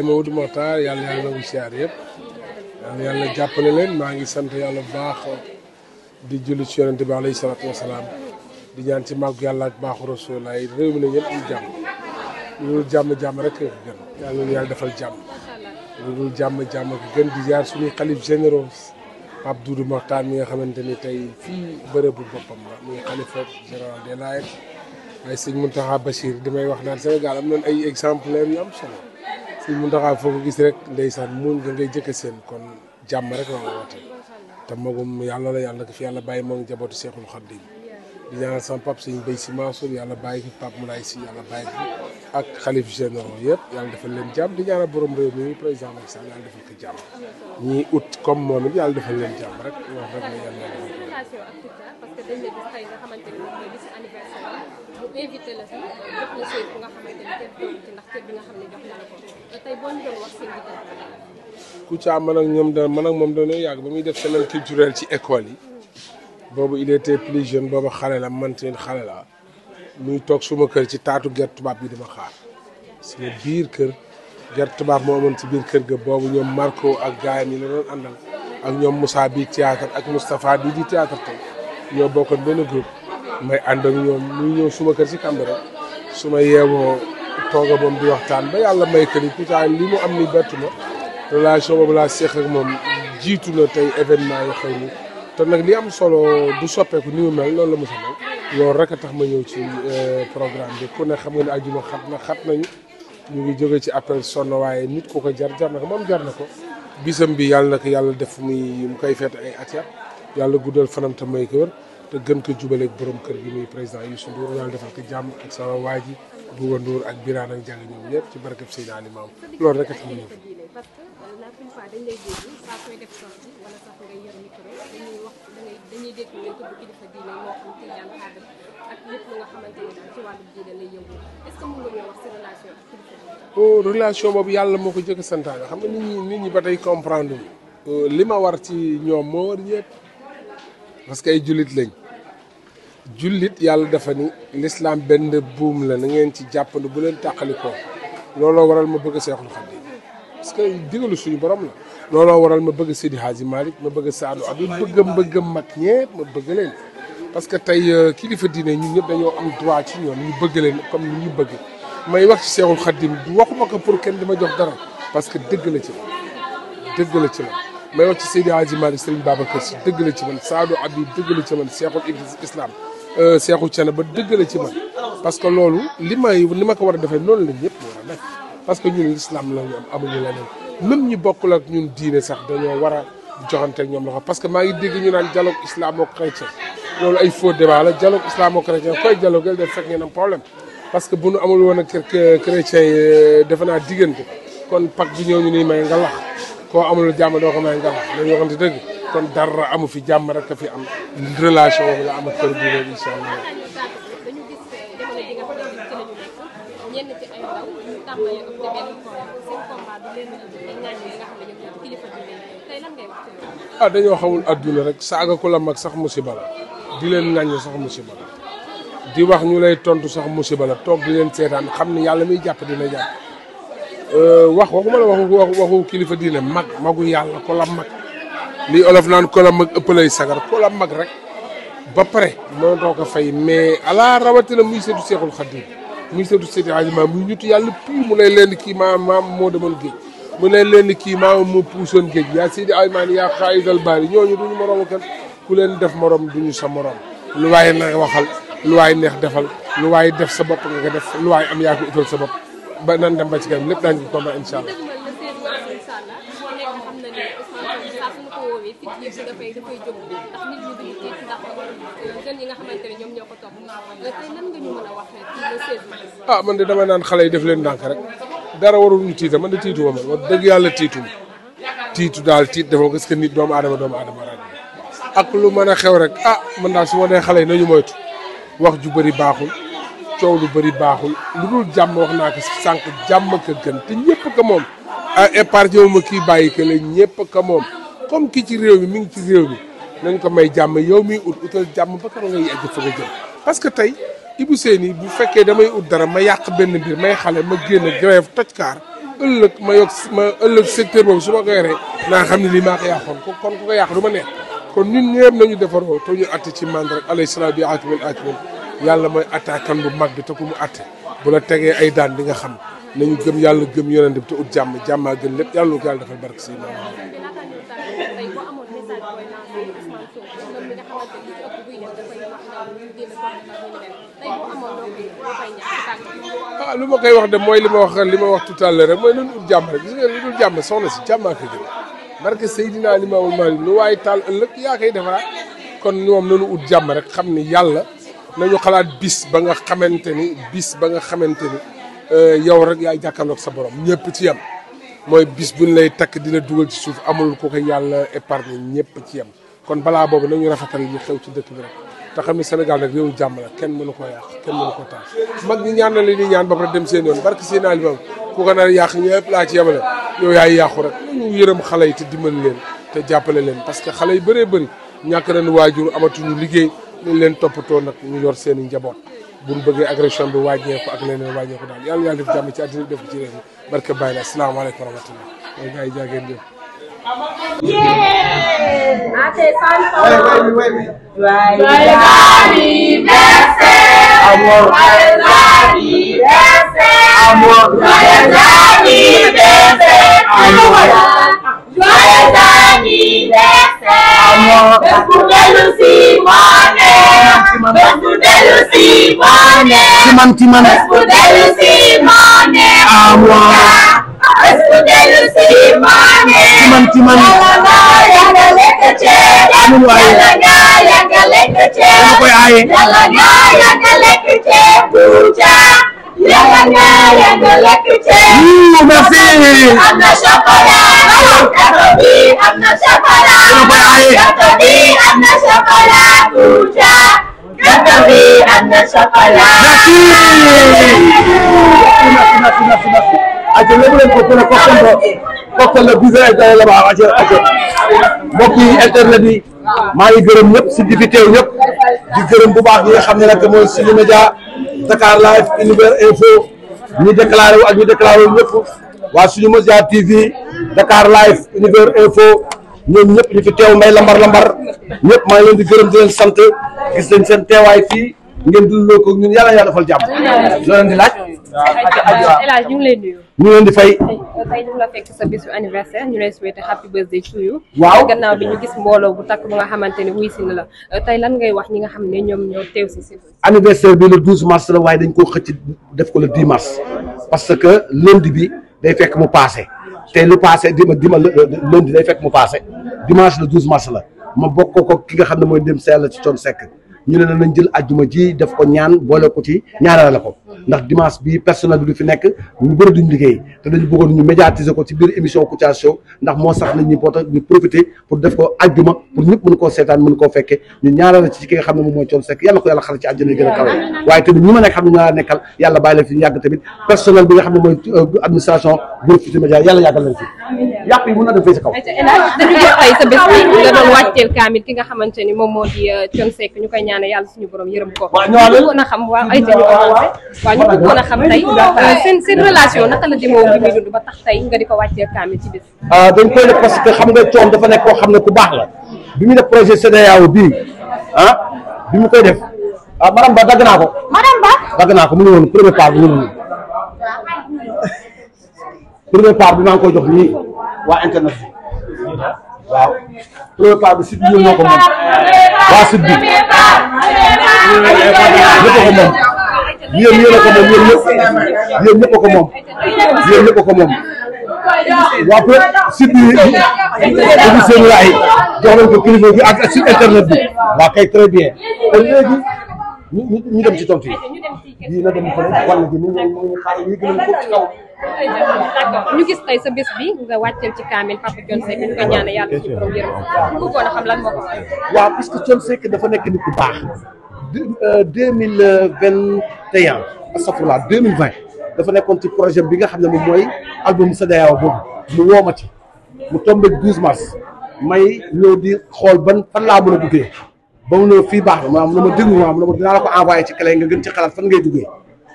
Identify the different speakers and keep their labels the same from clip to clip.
Speaker 1: Baye Maodo Mokhtar yàlla yàlla nangu siyaar yëpp yàlla yàlla jàppale leen maa ngi sant yàlla bu baax di julli ci yonente bi alayhi salaatu wasalaam di ñaan ci màgg yàlla ak baaxu rasulullah réew mi ne ñëpp ñu jàmm loolu jàmm-jàmm rek ko gën yàlla jàmm jàmm-jàmm ko gën di jaar suñuy xalif généraux Pape Doudou Mokhtar mi nga xamante ni tey fii bërëbu boppam la muy xalifa général des Layènes ay sëñ Mountakha Bachir damay wax naan Sénégal am nañ ay exemple yu am solo suñ mu ndaxaa foo ko gis rek ndeysaan muñ nga ngay jëkk seen kon jàmm rek la ma woote te magum yàlla la yàlla ko fi yàlla bàyyi moom jabootu Seexul Xadiim di ñaanal sama pap suñ béy si Mansour yàlla bàyyi fi pap mu laay si yàlla bàyyi fi ak xalif généraux yëpp yàlla defal leen jàmm di ñaanal borom réew mi président Macky Sall yàlla defal ko jàmm ñii ut comme moom yàlla defal leen jàmm rek wax rek
Speaker 2: la ku invité
Speaker 1: la man ak ñoom da man moom dañoo yàgg ba muy def semaine culturelle ci école yi. boobu il était plus jeune boobu xale la man teen xale la muy toog suma kër ci taatu gerte tubaab bi dama xaar suma biir kër gerte tubaab moo amoon ci biir kër ga boobu ñoom Marco ak gaayam yi la doon àndal ak ñoom musaa bi théâtre ak Moustapha bi di théâtre tey ñoo bokkoon benn groupe may ànd ak ñoom ñuy ñëw suma kër si Cambérène rek su ma yeewoo tooga moom di waxtaan ba yàlla may kër yi pourtant li mu am ni bett ma relation boobu laa seq ak moom jiitu na tey événement yi xëy ni te nag li am solo du soppeeku ni mu mel loolu la mos a rek a tax ma ñëw ci euh, programme bi ku ne xam nga ne àjjuma xat na xat nañu ñu ngi jóge ci appel sonn waaye nit ku ko jar jar na ko moom jar na ko bisam bi yàlla na ko yàlla def muy mu koy feet ay yàlla guddal fanam te may ko te gën ko jubaleeg borom kër gi muy président Youssou Ndour yàlla defal ko jàmm ak waa ak Birane ak Jalle ci barkeb Seydina loolu rek a tax relation boobu yàlla moo ko jëkk santaane xam nga nit ñi ba tey comprendre euh, li ma war ci ñoom moo war ñëpp parce que ay jullit lañ jullit yàlla dafa ni lislaam benn buum la na ngeen ci jàppandi bu leen tàqalikoo looloo waral ma bëgg Seexul Xadiim parce que digalu suñu borom la looloo waral ma bëgg Sidi Hadji Malick ma bëgg Saadu Abi bëgg bëgg mag ñëpp ma bëgg parce que tey euh, kilifa diine ñun ñëpp dañoo am droit ci ñoom ñu bëgg comme ni ñu bëgg may wax ci Seexul Xadiim du waxuma ko pour kenn di jox dara parce que dëgg la ci man la ci man may wax ci Seydi Hadji Malick Serigne Babacar Sy ci man Saadu Abi yi la ci man Seexul Islam Euh, Seexu Thiénaba dëgg la ci man parce que loolu li may li ma ko war a defee loolu la ñëpp war a def parce que ñun islam la ñu am amuñu leneen même ñi bokkul ak ñun diine sax dañoo war a joxante ak ñoom loxo parce que maa ngi dégg ñu naan dialogue islamo-chrétien loolu ay faux débat la dialogue islamo-chrétien koy dialogue def fekk ngeen am problème parce que bu amul woon ak chrétien yi euh, defe naa diggante kon pàcc bi ñëw ñu nii may nga lax koo amul jàmm doo ko may nga lax dañoo waxante dëgg. kon dara amu fi jàmm rek a fi am relation boobu la am ak kër diine bi ah dañoo xamul adduna rek saaga ku la mag sax musiba di leen ŋàññi sax musiba la di wax ñu lay tontu sax musiba la toog di leen seetaan xam ni yàlla muy jàpp dina jàpp euh, wax waxuma la waxu kilifa diine mag magu yàlla ku la mag. li olof naan kolam mag ëppalay sagar a mag rek ba pare moo mënatoo ko fay mais ala rawatina muy seetu Seexul Xadiim muy seetu seeti ajima muy ñutu yàlla pii mu lay leen kii maam maam moo demoon géej mu lay leen kii maam mu puusoon géej yaa seeti ajima ni yaa xaayidal baari ñooñu duñu moroom kenn ku leen def morom duñu sa morom lu waaye na waxal lu waaye neex defal lu waaye def sa bopp nga ko def lu waay am yaa ko utal sa bopp ba nan dem ba ci kanam lépp daañu yi ah man de dama naan xale yi def leen ndànk rek dara warul tiita man de tiitu man wax dëgg yàlla tiitu tiitu daal tiit dafa gis que nit doomu aadama doomu aadama rajo ak lu mën a xew rek ah man daal su ma xale yi nañu moytu wax ju bëri baaxul coow lu bëri baaxul lu dul jàmm wax naa ko jàmm ka gën te ñëpp ka moom ah, épargne ma kii bàyyi ka la ñëpp ka moom comme kii ci réew mi mu ngi ci réew mi nañ ko may jàmm yow miy ut utal jàmm ba kar ngay egg fa nga jëm parce que tey Ibou Seyni bu fekkee damay ut dara ma yàq benn mbir may xale ma génn grève toj kaar ëllëg ma yokk ma ëllëg secteur boobu su ma ko yoree naa xam ne lii maa ko kon ku ko du ma neex kon ñun ñëpp nañu defaroo te ñu atte ci mande rek alayhi salaam bi akiman akiman yàlla mooy attaquant bu mag bi te ku mu atte bu la tegee ay daan di nga xam nañu gëm yàlla gëm yonent bi te ut jàmm jàmmaa gën lépp yàlla lu ko yàlla defal barke si waaw ah, lu ma koy wax de mooy li ma wax li ma wax tout à l'heure rek mooy nañu ut jàmm rek gis nga li dul jàmm soxna si jàmmaa ko jël barke Seydina Limaamul ma lu waaye taal ëllëg yaa koy defaraat kon moom nañu ut jàmm rek xam ni yàlla nañu xalaat bis ba nga xamante ni bis ba nga xamante ni euh, yow rek yaay jàkkaarloog sa borom ñëpp ci yem mooy bis bu ñu lay takk dina dugal ci suuf amul ku ko yàlla épargne ñëpp ci yam kon balaa boobu nañu rafetal yi xew ci dëkk bi rek te xam ne Sénégal nag réewu jàmm la kenn mënu ko yàq kenn mënu ko taal mag ñi ñaan na li di ñaan ba pare dem seen yoon barke seen aali yow yaay yàqu rek yërëm xale yi te dimbali leen te jàppale leen parce que xale yi bëree bëri ñàkk nañ waajur amatuñu liggéey ñu leen toppatoo nag ñu yor seen i njaboot bu ñu bëggee agression bi wàññeeku ak leneen wàññeeku daal yàlla yàlla def jàmm ci àddina def ko ci réew mi barke bàyyi la asalaamaaleykum wa rahmatullah mooy gars yi
Speaker 2: Yay! I say sorry for Wait,
Speaker 1: wait, wait, wait. Joyeux
Speaker 2: anniversaire! Amour! Joyeux anniversaire! Amour! Joyeux anniversaire! Amour! Joyeux anniversaire! Amour! Bespoudel aussi, mon Bespoudel aussi, mon Timan, timan. Bespoudel aussi, mon Amour! man ci man amin waaye dama koy aaye wuu merci am na chocolat gâteau bi
Speaker 1: am na chocolat dama koy aaye gâteau bi am na chocolat
Speaker 2: Kouthia gâteau bi am na chocolat merci merci merci merci aca lépp leen ko ku ne koktal ba koktal la dix heures et la baax aca aca mbokk yi internet yi maa ngi gërëm ñëpp si di fi teew ñëpp di gërëm bu baax ñi nga xam ne nag mooy suñu média Dakar Live Univers Info ñu déclaré wu ak ñu déclaré wu ñëpp waa suñu média TV Dakar Live Univers Info ñoom ñëpp ñu fi teew may lambar lambar ñëpp maa ngi leen di gërëm di leen sant gis nañ seen teewaay fii ngeen dundoo ko ñun yàlla yàlla defal jàmm loo leen di laaj El Hadj ñu ngi lay nuyu. ñu ngi leen di fay. la fekk waaw gannaaw bi gis mbooloo bu takk bu nga xamante ne wuy si la tey lan ngay wax ñi nga xam ne ñoom ñoo teew si si. anniversaire bi le 12 mars la waaye dañ koo xëcc def ko le 10 parce que lundi bi day fekk mu passé te lu passé dima dima lundi day fekk mu passé dimanche le 12 mars la ma bokk ko ki nga xam ne mooy dem seel la ci coon sekk. ñu ne la nañ jël ajjuma ji def ko ñaan boole ko ci ñaanal la ko ndax dimanche bi personnel bi du fi nekk ñu bëri duñ liggéey te dañu bëggoon ñu médiatiser ko ci biir émission Kouthia ndax moo sax nañ ñu boota ñu profiter pour def ko ajjuma pour ñëpp mën koo seetaan mën koo fekke ñu ñaanal ci ki xam ne moom mooy Thione Seck yàlla ko yàlla xala ci àjjana gën a kawe waaye tamit ñi ma nekk xam ne nekkal yàlla bàyyi leen fi ñu yàgg tamit personnel bi nga xam ne mooy euh, administration groupe Futurs Médias yàq yi mën na dem fay si ki nga xamante ni moom moo di euh, ñu koy ñaanal yàlla suñu borom yërëm ko. waaw ñu bëggoon a xam waaw ay ñu bëggoon a xam tey euh, seen seen la ci bés. Ah, dañ koy def parce que xam nga Thione dafa nekk koo xam ne ku baax la bi ñu def projet CEDEAO bii ah bi mu koy def ah madame Ba dagg naa ko. madame naa ko mu ngi woon premier part bi mu ngi premier part bi maa koy jox nii waa internet waaw premier pas bi site bi ko moom waa site bi ñëpp a ko moom yéen yéen a ko moom
Speaker 1: waa peut bi bi seen laay jox internet bi waa kay très bien kon léegi
Speaker 2: ñu ñu dem ci tontu yi yii na dem fële wala ji ni ñu xaar yi gën a ko ci kaw d'accord ñu gis tey sa bés bi nga wàcceel ci kaamil Papa Thione Seck ñu ko yàlla ci borom yërëm bëggoon a xam lan moo ko
Speaker 1: waral. waaw parce
Speaker 2: que dafa nekk nit ku baax. deux euh, mille vingt et a astafurlah deux mille vingt dafa nekkoon ci projet bi nga xam ne moom mooy album Sadayaawa boobu mu woomati mu tombé douze mars may ñëw di xool ban fan laa mën a duggee ba mu ne fii baax na maanaam mu ne ma déglu dinaa la ko envoyé ci clé nga gën ci xalaat fan ngay duggee.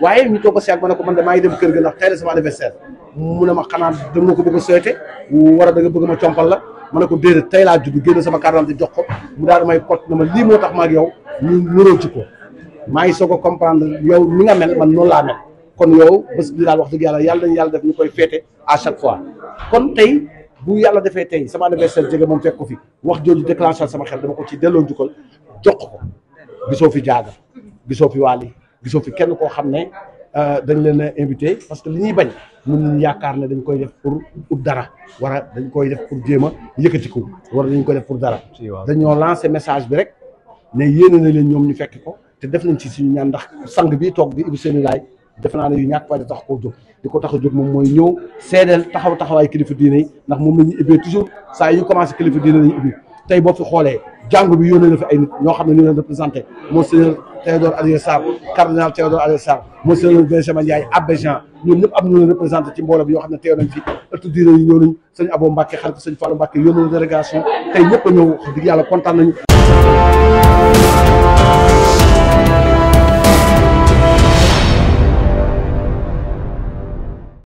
Speaker 2: waaye ñu toog a seet ma ne ko man de maa ngi dem kër ga ndax tey la sama anniversaire mu ne ma xanaa da nga ko bëgg a souhaité war a da bëgg ma compal la ma ne ko déedéet tey laa judd génn sama carte d'identité jox ko mu may code na ma lii tax ma yow ñu ko maa ngi soog a comprendre yow mi nga mel man noonu laa kon yow bés bi daal wax dëgg yàlla yàlla yàlla def ñu koy féete à chaque fois kon tey bu yàlla defee tey sama anniversaire jege moom fekk ko fi wax jooju déclenché sama xel dama ko ci delloo njukkal jox ko gisoo fi jaaga gisoo fi waali gisoo fi kenn koo xam ne euh, dañ leen a invité parce que li ñuy bañ mun yaakaar ne dañ koy def pour ut dara wala dañ koy def pour jéem a yëkkatiku wala dañ koy def pour dara. dañoo lancé message bi rek ne yéene na leen ñoom ñu fekk ko te def nañ ci suñu ñaan ndax sang bi toog bi Ibou Seyni Laay def naa ne yu ñàkk fayda tax koo jóg di ko tax a jóg moom mooy ñëw seedeel taxaw taxawaay kilifa diine yi ndax moom la ñuy ubbee saa yu commencé kilifa diine la tey boo fi xoolee jàngu bi yónnee fi ay ñoo xam ne ñu leen représenté monseigneur Théodore Adrien Sarr cardinal Théodore Adrien Sarr monseigneur Benjamin Ndiaye abbé Jean ñoom ñëpp am ñu leen ci mbooloo bi ñoo xam ne teew nañ fi ëttu diine yi ñëw nañ sëñ Abo Mbacke xarit sëñ Fallou Mbacke yónnee tey ñëpp ñëw wax yàlla kontaan nañu